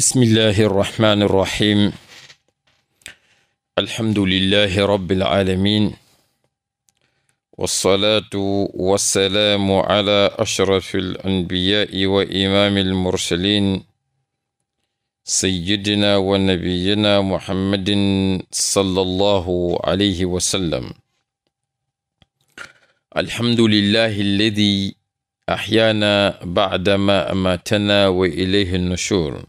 bismillahi irrahmani irrahim alhamdulillahi rabbil alamin wassalaatu wassalaamu ala ashrafi alanbiyaai wa imaami almursalin sayyidina wa nabiyina muhammadin sallallahu alayhi wa sallam alhamdulillahi alladi ahyaana bacdama amaatana wa ilayhi nushur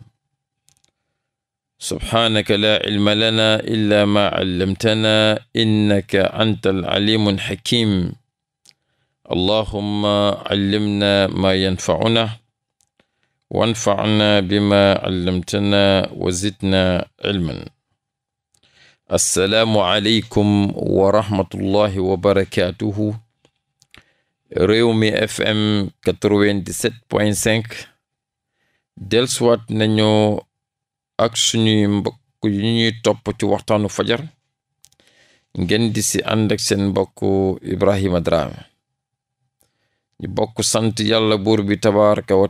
subhaanaka laa cilma lanaa illaa maa callamtanaa innaka anta alcaliimu alxakiim allahumma callimnaa maa yanfacunaa wanfacnaa bimaa callamtanaa wa zidnaa cilman assalaamu aleykum wa rahmatullahi wa barakaatuhu Rewmi FM 97.5 dellusiwaat nañu ak suñuy mbokk yu ñuy topp ci waxtaanu fajar ngeen di si ànd ak seen mbokk Ibrahima Drame ñu bokk sant yàlla buur bi tabaraka wa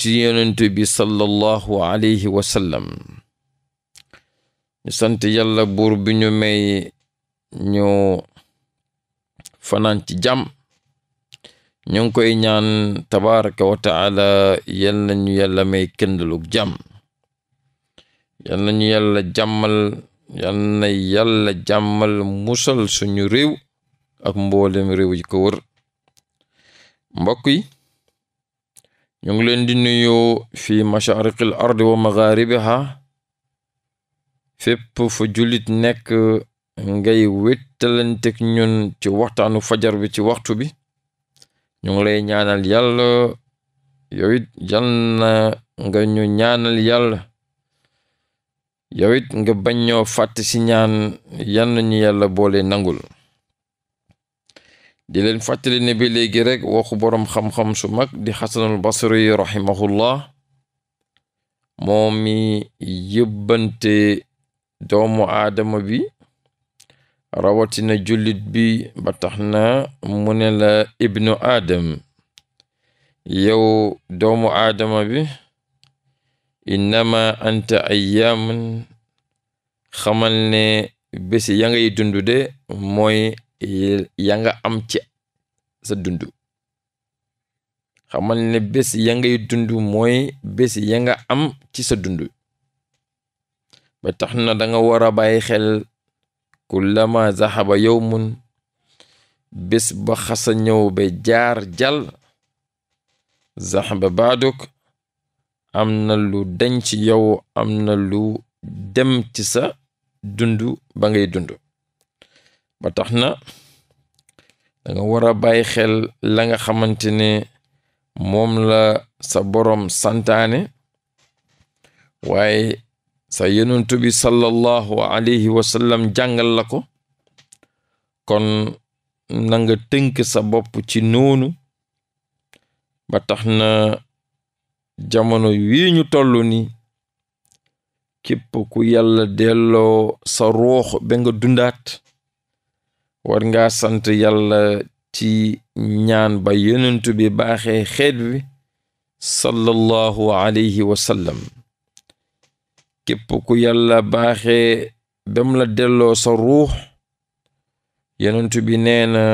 ci yonent bi sallallahu alayhi wa sallam ñu sant yàlla buur ñu may ñu fanaan ci jàmm ñoo ngi koy ñaan tabaraka wa taala yal nañu yàlla may këndalug jàmm yal nañu yàlla jàmmal yal na yàlla jàmmal musal suñu réew ak mboolem réew yi ko wër mbokk yi ñu ngi leen di nuyu fi mashariqil ardi wa magharibiha fépp nekk ngay wéttalantek ñun ci waxtaanu fajar bi ci waxtu bi ñu ngi lay ñaanal yàlla yow it yal na nga ñu ñaanal yàlla yow it nga bañ ñoo fàtte si ñaan yal ñu yàlla boole nangul di leen fàttali ne bi léegi rek waxu boroom xam-xam su mag di xasanul basri rahimahullah mo mi yëbbante doomu aadama bi rawatina jullit bi ba tax na mu ne ibnu aadam yow doomu aadama bi innama anta ayyaamun xamal ne bési ya ngay dund de mooy ya am ci sa xamal ne bés ya ngay dund mooy bés ya nga am ci sa dund na danga nga war a bàyyi xel lama kullama zahaba yowmun bés ba xasa ñëw ba jaar jal zahaba baaduk am na lu dañ ci yow am na lu dem ci sa dund ba ba tax na da nga war xel la nga xamante ne moom la sa boroom santaane waaye sa yonent bi sallallahu alayhi wa sallam jàngal la ko kon nanga tënk sa bopp ci noonu ba tax na jamono yii ñu toll ni képp ku yàlla delloo sa ruux ba dundaat war ngaa sant yàlla ci ñaan ba yonent bi baaxee xeet bi sallallahu alayhi wasallam képp ku yàlla baaxe bam la delloo so ruux yonent bi neena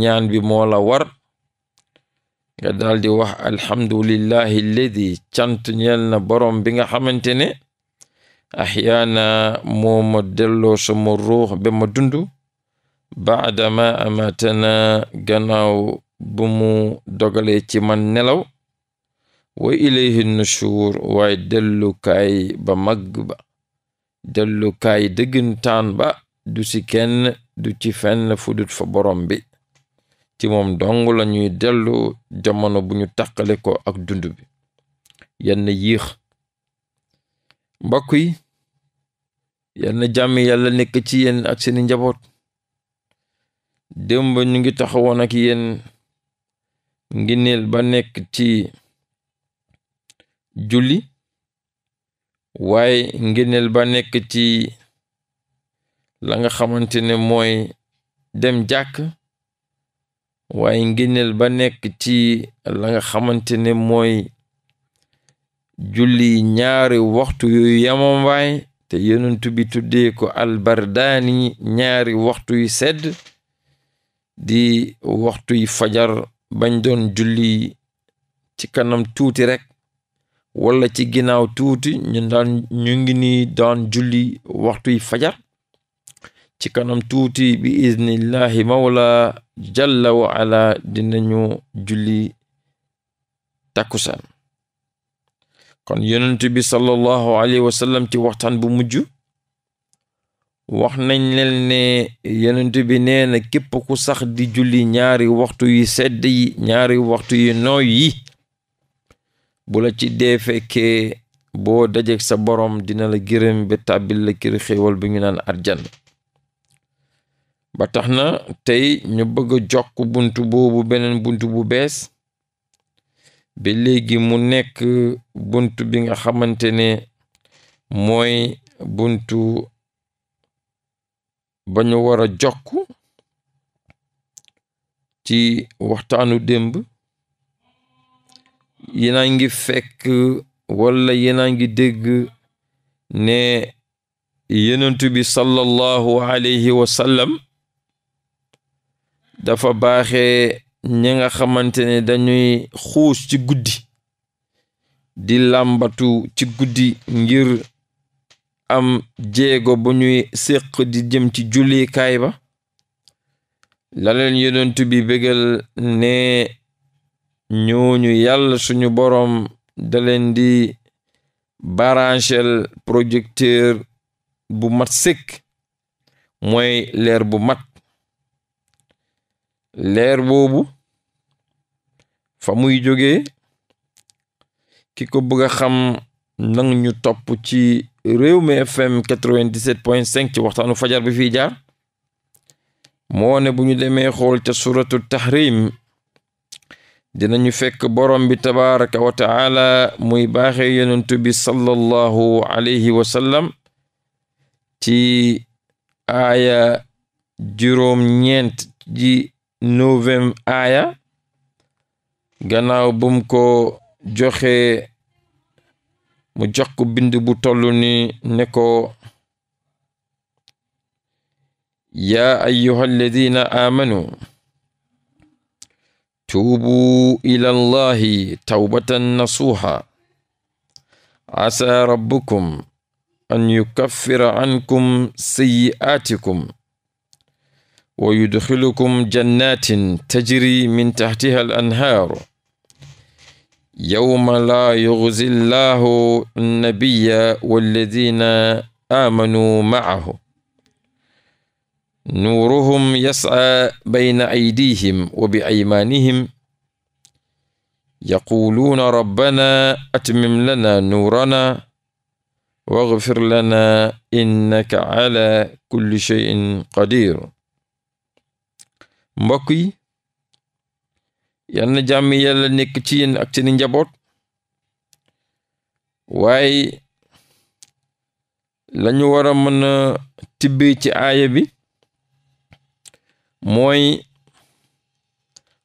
ñaan bi moo la war nga daldi wax alhamdulillahi alladi cant ñeel na boroom bi nga xamante ne axyaana moo ma delloo ruux ba ma dund baadama amatana gannaaw bu mu dogalee ci man nelaw wa ilayhi nushur waaye dellukaay ba màgg ba dellukaay dëggantaan ba du ci kenn du ci fenn fudut fa borom bi ci moom dong lañuy ñuy dellu jamono bu ñu tàqale ko ak dund bi yenn yiix mbokk yi yenn jàmm yàlla nekk ci yenn ak seeni njaboot démb ñu ngi taxawoon ak yenn ngi neel ba nekk ci julli waaye ngëneel ba nekk ci la nga xamante ne mooy dem jàkk waaye ngëneel ba nekk ci la nga xamante ne mooy julli ñaari waxtu yu yamambaay te yonent bi tuddee ko albardaani ñaari waxtu yu sedd di waxtu yi fajar bañ doon julli ci kanam tuuti rekk wala ci ginnaaw tuuti ñun daan ñu ngi ni daan julli waxtuy fajar ci kanam tuuti bi iznillahi mawla jalla wa dinañu julli takkusaan kon yonent bi sallallahu alayhi wa ci waxtaan bu mujj wax nañ leen ne yonent bi nee képp ku sax di julli ñaari waxtu yu yi ñaari waxtu yu yi bu la ci dee fekkee boo dajeeg sa borom dina la gërëm ba tàbbil la kër xéewal bi ñu naan arjan ba tax na tey ñu bëgg a jokk buntu boobu beneen buntu bu bees ba léegi mu nekk bunt bi nga xamante ne mooy bunt ba ñu war a jokk ci waxtaanu démb yéena ngi fekk wala yéena ngi dégg ne yenentu bi sallallahu alayhi wa sallam dafa baaxe ñi nga xamante ne dañuy xuus ci guddi di làmbatu ci guddi ngir am jéego bu ñuy séq di jëm ci jullikaay ba laleen yenentu bi ne ñooñu yàlla suñu boroom da leen di baranchel projecteur bu mat sëkk mooy leer bu mat leer boobu fa muy jógee ki ko bëgg a xam nang ñu topp ci réew Rewmi FM 97.5 ci waxtaanu fajar bi fii jaar moo ne bu ñu demee xool ca suratu tahrim dinañu fekk borom bi tabaraka wa taala muy baaxe yonentu sallallahu alayhi wa sallam ci juróom ñeent ji neuvième aaya gannaaw bum ko joxe mu jox ko bind bu toll ni ne ko yaa amanu tuubu ilallahi tawbatan nasuha asa rabbukum an yukaffira ankum sayyi'aatikum wa yudxilukum jannatin tajri min taxtiha al anhaaru yawma laa yuxzi llahu annabiya walladina aamanuu maahu nuuruhum yas'aa bayna aydihim wa bi aymaanihim yaquuluuna rabbana atmim nuurana wagfir lana innaka ala kulli cheyin qadir mbokk yi yal na jàmm yàlla nekk ci yéen ak seeni njaboot waaye lañu war a mën a tibbee ci aaya bi mooy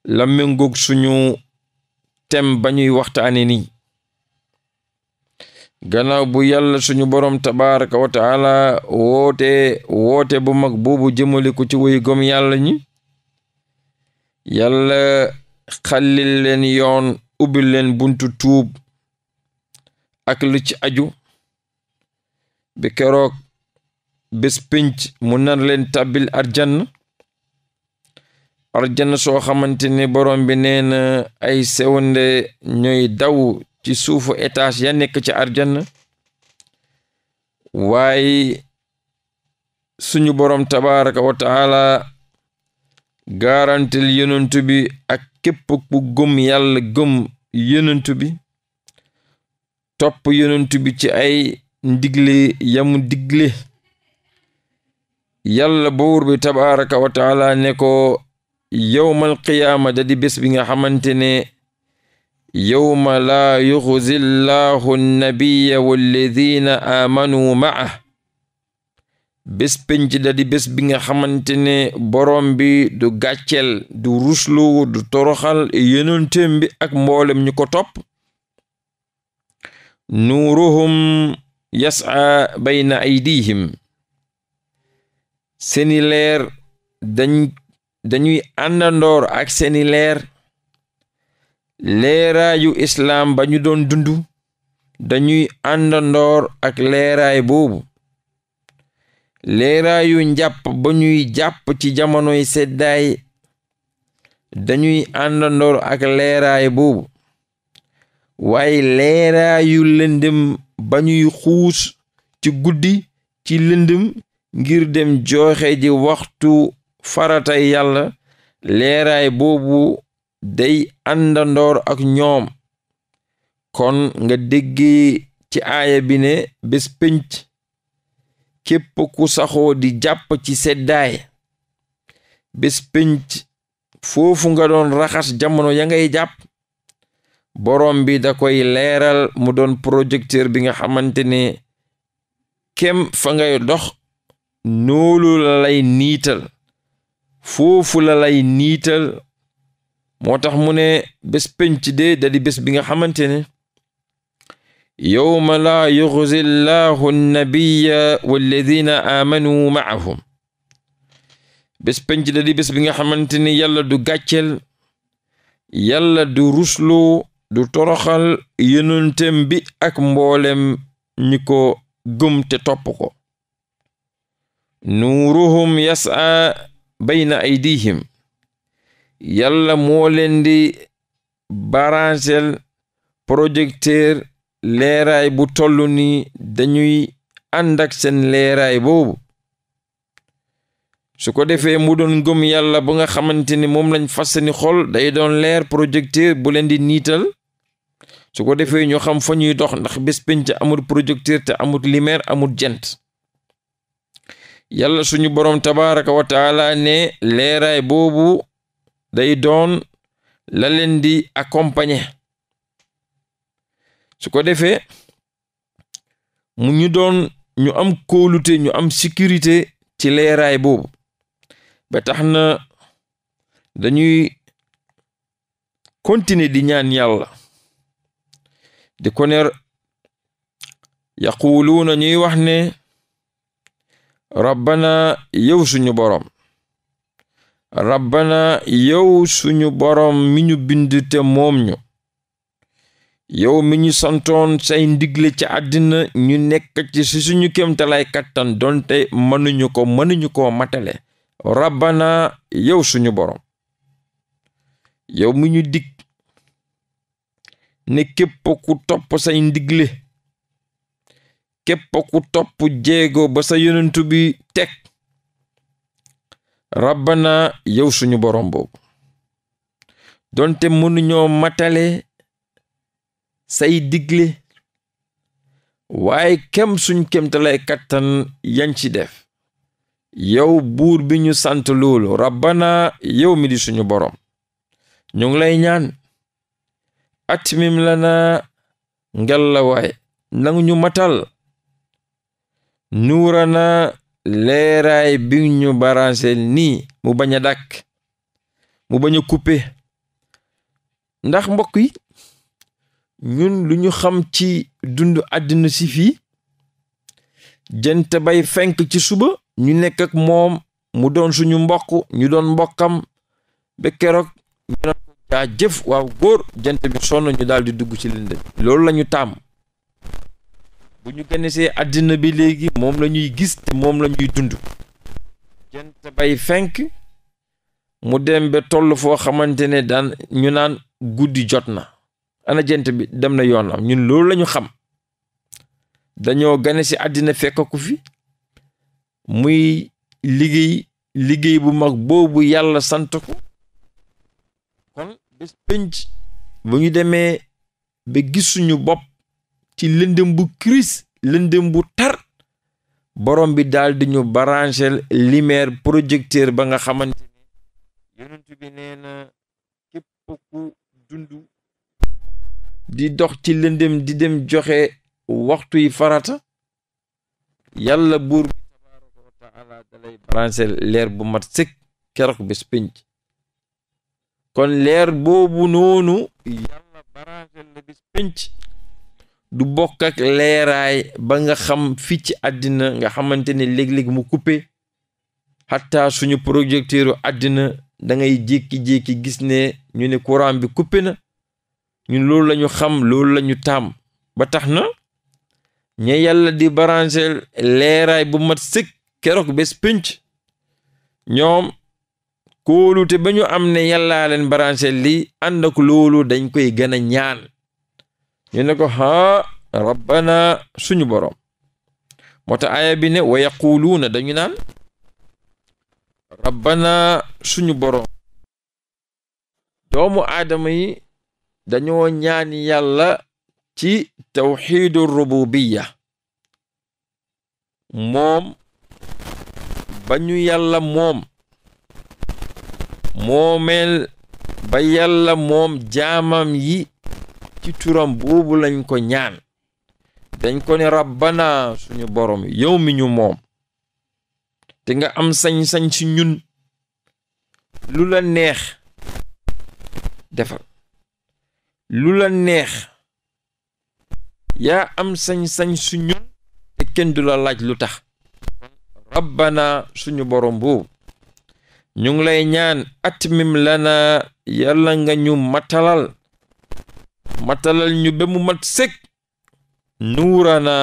la suñu tem ba ñuy waxtaane nii gannaaw bu yàlla suñu borom tabaraka wa woote woote bu mag boobu jëmale ko ci woy gom yàlla ñi yàlla xallil leen yoon ubbil leen buntu tuub ak lu ci aju bi kerook bés mu nar leen tàbbil arjann arjana soo xamante ne borom bi nee na ay sewnde ñooy daw ci suufu etaas ya nekk ci arjana waaye suñu borom tabaraka wa taala garantil yonentu bi ak képp ku gëm yàlla gëm yonentu topp yonentu bi ci ay ndigle yamu digle yàlla buur bi tabaraka wa yowmal qiyaama da di bés bi nga xamante ne yowma laa yuxzi llaahu nnabiya walladina aamanu maah bés penc da di bés bi nga xamante ne boroom bi du gàccel du ruslu du toroxal yonenteem bi ak mboolem ñu ko topp nuuruhum yas'a bayna aydihim seeni leer dañuy àndandoor ak seeni leer leeraayu islaam ba ñu doon dundu dañuy àndandoor ak leeraay boobu leeraayu njàpp ba ñuy jàpp ci jamonoy seddaay dañuy àndandoor ak leeraay boobu waaye leeraayu lëndëm ba xuus ci guddi ci lëndëm ngir dem jooxe ji waxtu faratay yàlla leeraay boobu day àndandoor ak ñoom kon nga déggee ci aaya bi ne bés pénc képp ku saxoo di jàpp ci seddaay bés foofu nga doon raxas jamono ya ngay jàpp borom bi da koy leeral mu doon projecteur bi nga xamante ne kem fa ngay dox noolu la niital foofu la lay niital moo tax mu ne bés penc de da di bés bi nga xamante ne yowma laa yuxzi llahu nnabiya walladina aamanu maahum bés penc da di bés bi nga xamante ne yàlla du gàccel yàlla du rusloo du toroxal yonentam bi ak mboolem ñi ko gëm te topp ko nuuruhum yasaa bayna aydihim yàlla moo leen di barancel projecteur leeraay bu toll ni dañuy ànd ak seen leeraay boobu su ko defee mu doon gëm yàlla bu nga xamante ni moom lañ fas seeni xol day doon leer projecteur bu leen di niital su ko defee ñu xam fa ñuy dox ndax bés penc amul projecteur te amul lumière amul jant yàlla suñu borom tabaraka wa ne leeraay boobu day doon la leen di accompagner su ko defee mu ñu doon ñu am kóolute ñu am sécurité ci leeraay boobu ba tax na dañuy continuer di ñaan yàlla di ko ne ñuy wax ne rabbana yow suñu boroom rabbana yow suñu boroom mi ñu bind te moom ñu yow mi ñu santoon say ndigle ci àddina ñu nekk ci si suñu kéemtalaay kattan donte mënuñu ko mënuñu ko matale rabbana yow suñu boroom yow mi ñu dig ne képp ku topp say ndigle képp ku topp jéego ba sa yonentu bi teg rabbana yow suñu borom boobu donte mënuñoo matale say digle waaye kem suñ kemtalay kattan yan ci def yow buur bi ñu sant loolu rabbana yow mi di suñu borom ñu ngi lay ñaan atmim lana ngel la waay nangu matal nuurana leeraay bi ñu baranseel nii mu bañ a dàkk mu bañ a coupé ndax mbokk yi ñun lu ñu xam ci dund àddina si fi jant bay fenk ci suba ñu nekk ak moom mu doon suñu mbokk ñu doon mbokkam ba keroog ñu naan jaa jëf waaw góor jant bi sonn ñu daal di dugg ci lëndëm loolu lañu tàmm bu ñu gënn see àddina bi léegi moom la ñuy gis te moom la ñuy dund jant bay fenk mu dem ba toll foo xamante ne daan ñu naan guddi jot na ana jant bi dem na yoonam ñun loolu lañu xam dañoo gane si àddina fekk ku fi muy liggéey liggéey bu mag boobu yàlla sant ko kon bés pénc bu ñu demee ba gisuñu bopp ci lëndëm bu crise lëndëm bu tar borom bi daal di ñu branchel lumière projecteur ba nga xamante ne yonent bi nee ku dund di dox ci lëndëm di dem joxe waxtu yi farata yàlla buur bi tabaraka wa taala dalay branchel leer bu mat sëkk keroog bés pénc kon leer boobu noonu yàlla branchel la bés pénc du bokk ak leeraay ba nga xam fii ci àddina nga xamante ne léeg-léeg mu coupé xataa suñu projecteuru àddina dangay ngay jékki-jékki gis ne ñu ne courant bi coupé na ñu loolu lañu xam loolu lañu taam ba tax na ña yàlla di baranseel leeraay bu mat sëkk keroog bés pënc ñoom kóolute ba ñu am ne yàllaa leen baranseel li ànd ak loolu dañ koy gën a ñaan ñu ne ko haa rabbana suñu boroom moo tax aaya bi dañu naan rabbana suñu boroom doomu aadama yi dañoo ñaan yàlla ci tawxiidu rububiya moom ba ñu moom moomeel ba yàlla moom jaamam yi ci turam boobu lañ ko ñaan dañ ko ne rabbana suñu borom yow mi ñu moom te nga am sañ-sañ ci ñun lu la neex defal lu la neex yaa am sañ-sañ su ñun te kenn du la laaj lu tax rabbana suñu borom boobu ñu lay ñaan atmim lana yàlla nga ñu matalal matalal ñu ba mat sëg nuurana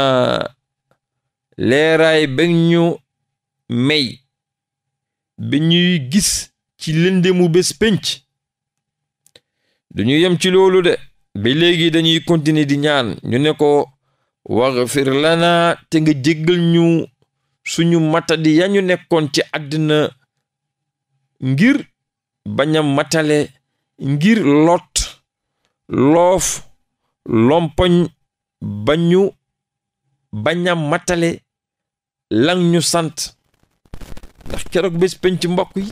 leeraay ba ñu may ba ñuy gis ci lëndemu bés pénc duñu yem ci loolu de ba léegi dañuy continuer di ñaan ñu ne ko waxfir lana te nga ñu suñu matadi ya ñu nekkoon ci àddina ngir bañam matale ngir lot loof lompoñ bañu baña matale lan ñu sant ndax keroog bés penc mbokk yi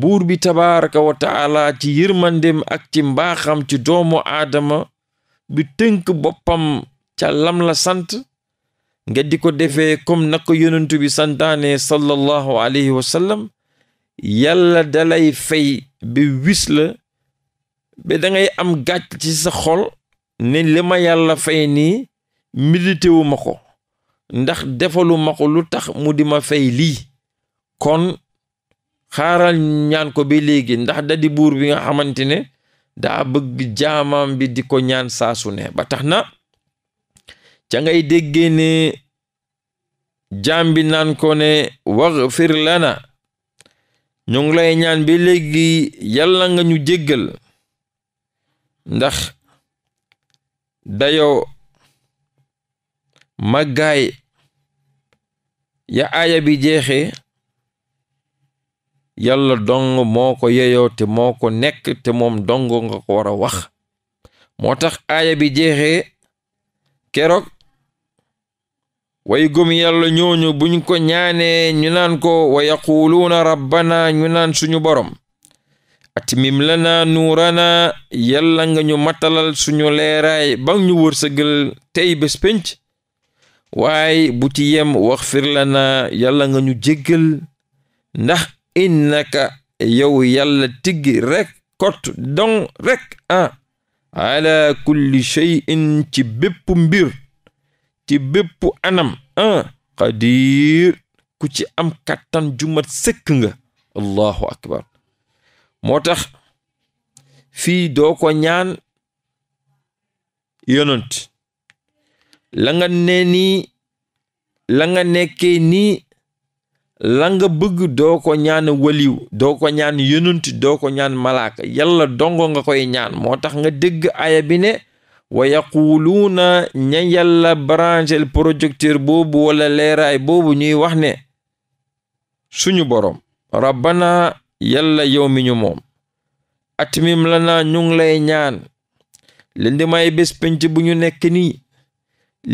buur bi tabaaraka wa taala ci yërmandem ak ci mbaaxam ci doomu aadama bi tënk boppam ca lam la sant nga di ko defee comme na ko yonentu bi santaane sallallahu alayhi wa sallam dalay fay bi wis ba am gàcc ci sa ni ne li ma yàlla fay nii médité wu ko ndax defalu ma lu tax mu di ma fay lii kon xaaral ñaan ko ba léegi ndax da buur bi nga xamante ne daa bëgg jaamam bi di ko ñaan saasu ne ba tax na ca ngay déggee ne jaam bi naan ko ne waghfir lana ñu ngi ñaan ba léegi yàlla nga ñu jéggal ndax dayoo màggaay ya aaya bi jeexee yàlla dong moo ko yeyoo te moo ko nekk te moom dong nga ko war a wax moo tax aaya bi jeexee keroog way gëm yàlla ñooñu buñ ko ñaanee ñu naan ko wa yaquluuna rabbana ñu naan suñu borom atimim lana nuurana yàlla nga ñu matalal suñu leeraay ba ñu wërsëgal tey bés pénc waaye bu ci yem wax fir lana yàlla nga ñu jéggal ndax innaka yow yàlla tiggi rek kot don rek ah ala kulli shay'in ci bépp mbir ci bépp anam ah qadir ku ci am kattan jumat sëkk nga allahu akbar moo tax fii doo ko ñaan yonent la nga ne nii la nga nekkee nii la nga bëgg doo ko ñaan waliw doo ko ñaan yonent doo ko ñaan malaaka yàlla dongo nga koy ñaan moo tax nga dégg aya bi ne wa yaquluuna ña yàlla branchel projecteur boobu wala leeraay boobu ñuy wax ne suñu boroom rabbana yàlla yow ñu moom atimim la naa ñu ngi lay ñaan lënd may bés penc bu ñu nekk nii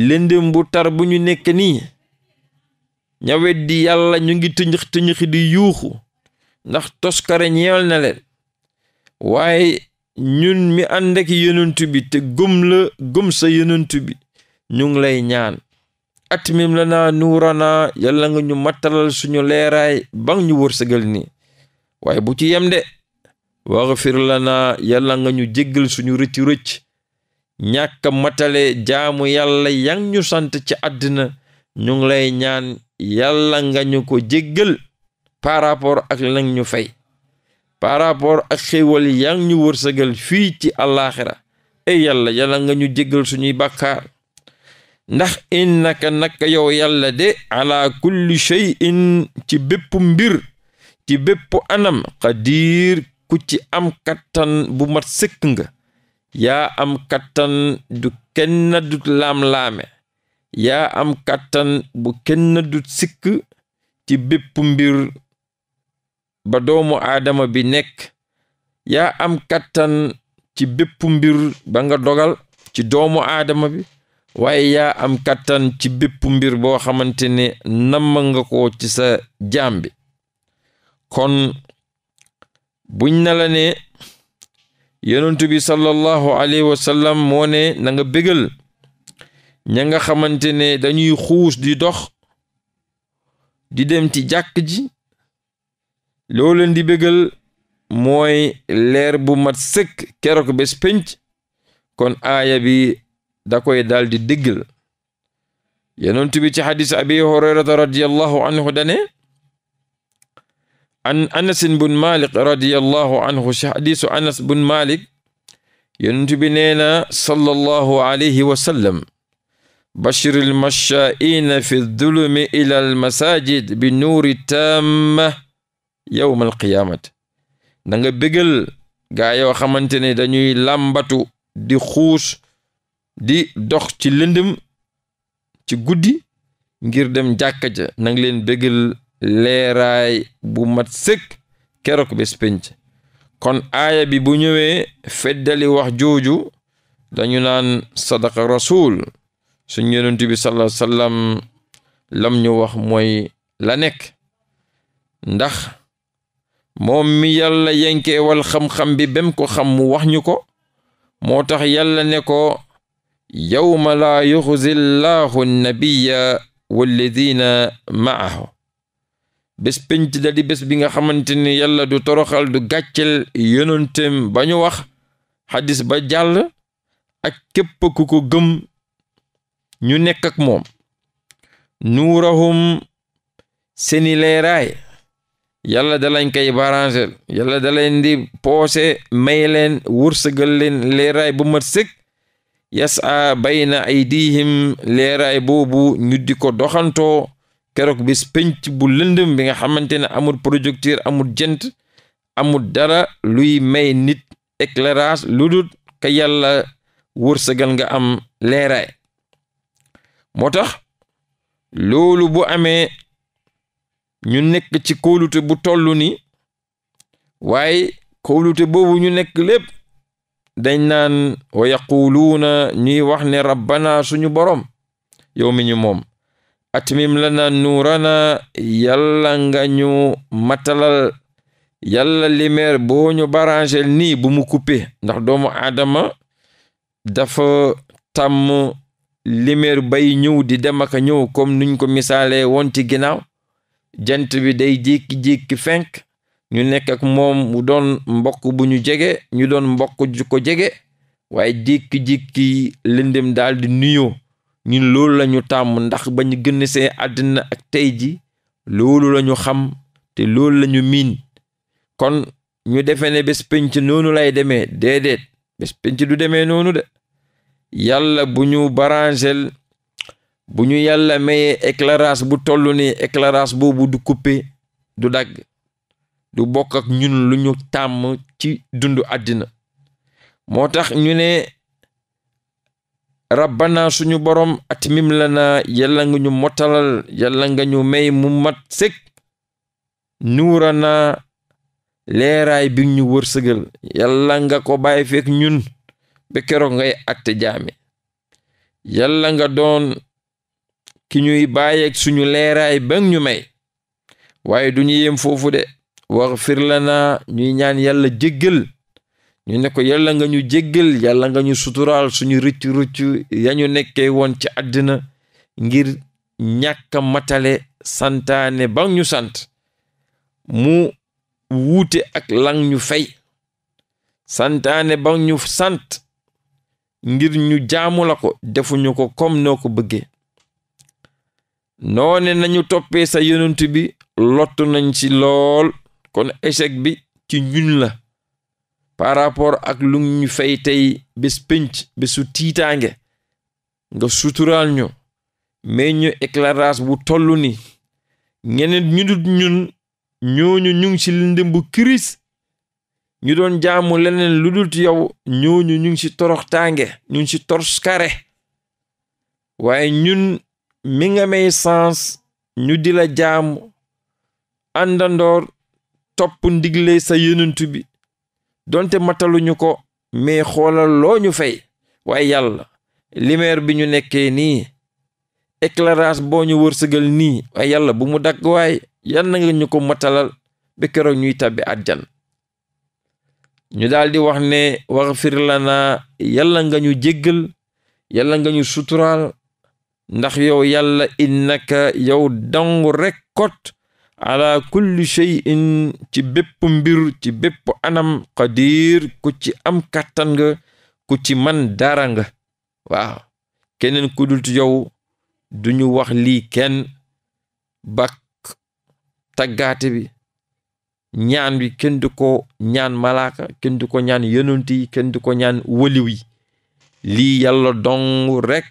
lëndëm bu tar bu ñu nekk nii ñawet di yàlla ñu ngi tëñëx tëñëxi di yuuxu ndax toskare ñeel na leen waaye ñun mi ànd ak bi te gëm la gëm sa yonent bi ñu ngi lay ñaan atmim la naa nuuranaa yàlla nga ñu mattalal suñu leeraay baŋ nga ñu wërsëgal nii waaye bu ci yem de waxfir lana yàlla nga ñu jéggal suñu rëcc rëcc ñàkk matale jaamu yàlla yang ñu sant ci àddina ñu ngi lay ñaan yàlla nga ñu ko jéggal par rapport ak lang ñu fay par ak xéewal yang ñu wërsëgal fii ci àllaaxira ey yàlla yàlla nga ñu jéggal suñuy bàkkaar ndax innaka naka yow yàlla de ala kulli shay'in ci bépp mbir ci bépp anam xadiir ku ci am kattan bu mat sëkk nga yaa am kattan du kenn du laam-laame yaa am kattan bu kenn du sikk ci bépp mbir ba doomu aadama bi nekk yaa am kattan ci bépp mbir ba nga dogal ci doomu aadama bi waaye yaa am kattan ci bépp mbir boo xamante ne namm nga ko ci sa jaam bi kon buñ na la ne yonentu bi sallallahu alayhi wa sallam moo ne na ña nga xamante ne dañuy xuus di dox di dem ci jàkk ji loo leen di bégal mooy leer bu mat sëkk keroog bés kon aaya bi da koy daal di déggal bi ci xadis abi hurayrata radiallahu anhu dane an anasin bun malik radiallahu anas bun malik yonent bi nee na sallallahu alayhi wa sallam bashir fi dulumi bi nuuri tamma yowma alqiyaamati da nga bégal gaa yoo xamante ne dañuy làmbatu di xuus di dox ci lëndëm ci guddi ngir dem jàkka ja nanga leen leeraay bu mat sëkk keroog bés kon aaya bi bu ñëwee feddali wax jooju dañu naan sadaqa rasul suñ yonent bi sallallahu alayhi wasallam lam ñu wax mooy la nekk ndax moom mi yàlla yenkeewal xam-xam bi bem ko xam wax ñu ko moo tax yàlla ne ko yawma laa yuxzi llaahu nabiyya walladina maahu bés penc da di bés bi nga xamante ni yàlla du toroxal du gàccel yonenteem ba ñu wax xadis ba jàll ak képp ku ko gëm ñu nekk ak moom nuurahum seeni leeraay yàlla dalañ koy barangel yàlla dalañ di poose may leen wërsëgal leen leeraay bu mat sëkk yasa bayna aydihim leeraay boobu ñu di ko doxantoo keroog bis penc bu lëndëm bi nga xamante ne amul projecteur amul jant amul dara luy may nit éclairage lu dul ka yàlla wërsëgal nga am leeraay moo tax loolu bu amee ñu nekk ci kóolute bu toll ni waaye kóolute boobu ñu nekk lépp dañ naan wa yaquluuna ñuy wax ne rabbana suñu borom yow mi ñu moom atmim lana nuurana yàlla nga ñu matalal yàlla lumière boo ñu barangel nii bu mu coupé ndax doomu aadama dafa tàmm lumière bay ñëw di dem ak ñëw comme nuñ ko misaalee woon ci ginnaaw jant bi day jékki-jékki fenk ñu nekk ak moom mu doon mbokk bu ñu jege ñu doon mbokk ju ko jege waaye jékki-jékki lëndëm daal di nuyoo ñun loolu la ñu tàmm ndax ba ñu gën see àddina ak tey ji loolu la ñu xam te loolu lañu miin kon ñu defee ne bés penc noonu lay demee déedéet bés du demee noonu de yàlla bu ñu barangel bu ñu yàlla mayee éclairage bu toll ni éclairage boobu du kuppe du dagg du bokk ñun lu ñu tàmm ci dundu àddina moo tax ñu ne rabbana suñu borom atmim lana yàlla nga ñu mottalal yàlla ñu may mu mat sëg nuurana leeraay bi ñu wërsëgal yàlla ko bàyyi fekk ñun ba keroog ngay atte jaami yàlla nga doon ki ñuy bàyyeeg suñu leeraay ba ñu may waaye du ñu foofu de wax fir lana ñuy ñaan yàlla jéggal ñu ne ko yàlla nga ñu jéggal yàlla nga ñu suturaal suñu rëccu rëccu ya ñu nekkee woon ci àddina ngir ñàkk matale santaane ba ñu sant mu wuute ak lang ñu fay santaane ba ñu sant ngir ñu jaamu la ko defuñu ko kom noo ko bëggee noone nañu toppee sa yonent bi lottu nañ ci lool kon échec bi ci ñun la par rapport ak lu ñu fay tey bés pénc bésu tiitaange nga sutural ñu mais ñu éclairage bu toll ni ñeneen ñu dut ñun ñooñu ñu ngi ci lëndëm bu kiris ñu doon jaamu leneen lu dul yow ñooñu ñu ngi ci toroxtaange ñu ngi ci torskare waaye ñun mi nga may sens ñu di la jaamu àndandoor topp ndigle sa yonent bi donte mataluñu ko mais xoolal loo ñu fay waaye yàlla lumière bi ñu nekkee nii éclairage boo ñu wërsëgal nii waaye yàlla bu mu dagg waaye yal na nga ñu ko matalal ba keroog ñuy tàbbi àjjan ñu daldi wax ne waxfir lanaa yàlla nga ñu jéggal yàlla nga ñu suturaal ndax yow yàlla innaka yow rekk kot ala kulli shay'in ci bépp mbir ci bépp anam qadir ku ci am kàttan nga ku ci man dara nga waaw keneen ku dul ci yow duñu wax lii kenn bak taggaate bi ñaan bi kenn du ko ñaan malaaka kenn du ko ñaan yonent kenn du ko ñaan waliw lii yàlla dong rek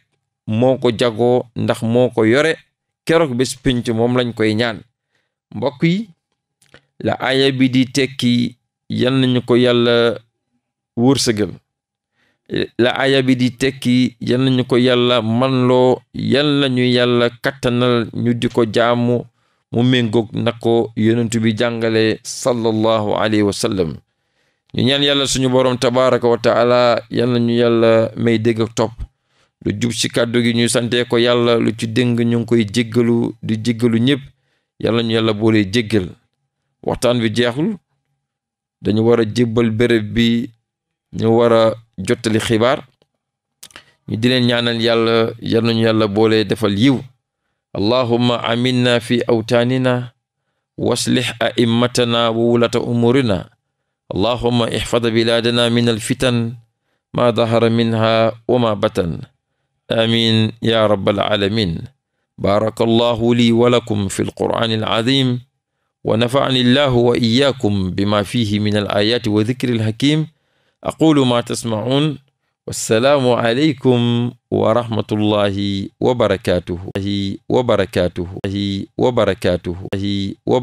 moo ko jagoo ndax moo ko yore keroog bés moom lañ koy ñaan mbokk yi la aaya bi di tekki yal nañu ko yàlla wërsëgal la aaya bi di tekki yal nañu ko yàlla manloo yal nañu yàlla kattanal ñu di ko jaamu mu méngoog na ko yonentu bi jàngale sallallahu alayhi wa sallam ñu ñan yàlla suñu borom tabaraka wa taala yal nañu yàlla may dégg ak topp lu jub kàddu gi ñu sante ko yàlla lu ci dëng ñu ngi koy jéggalu di jéggalu ñëpp yàlla ñu yàlla boole jéggal waxtaan bi jeexul dañu war a jébbal béréb bi ñu war a jottali xibaar ñu di leen ñaanal yàlla yàlla ñu yàlla boole defal yiw allahumma aminna fi awtaanina waslih a'immatana wa wulata umurina allahumma ihfad bilaadana min alfitan ma dahara minha wa ma batan amin ya rabbal alamin baarakallahu lii walakum fi alqur'ani alazim wa nafa'ani allahu wa iyaakum bima fihi min alayaati wa dikri alhakim aqulu ma tasma'un wassalaamu aleykum wa rahmatullahi wa barakatuhu wa barakatuhu wa barakatuhu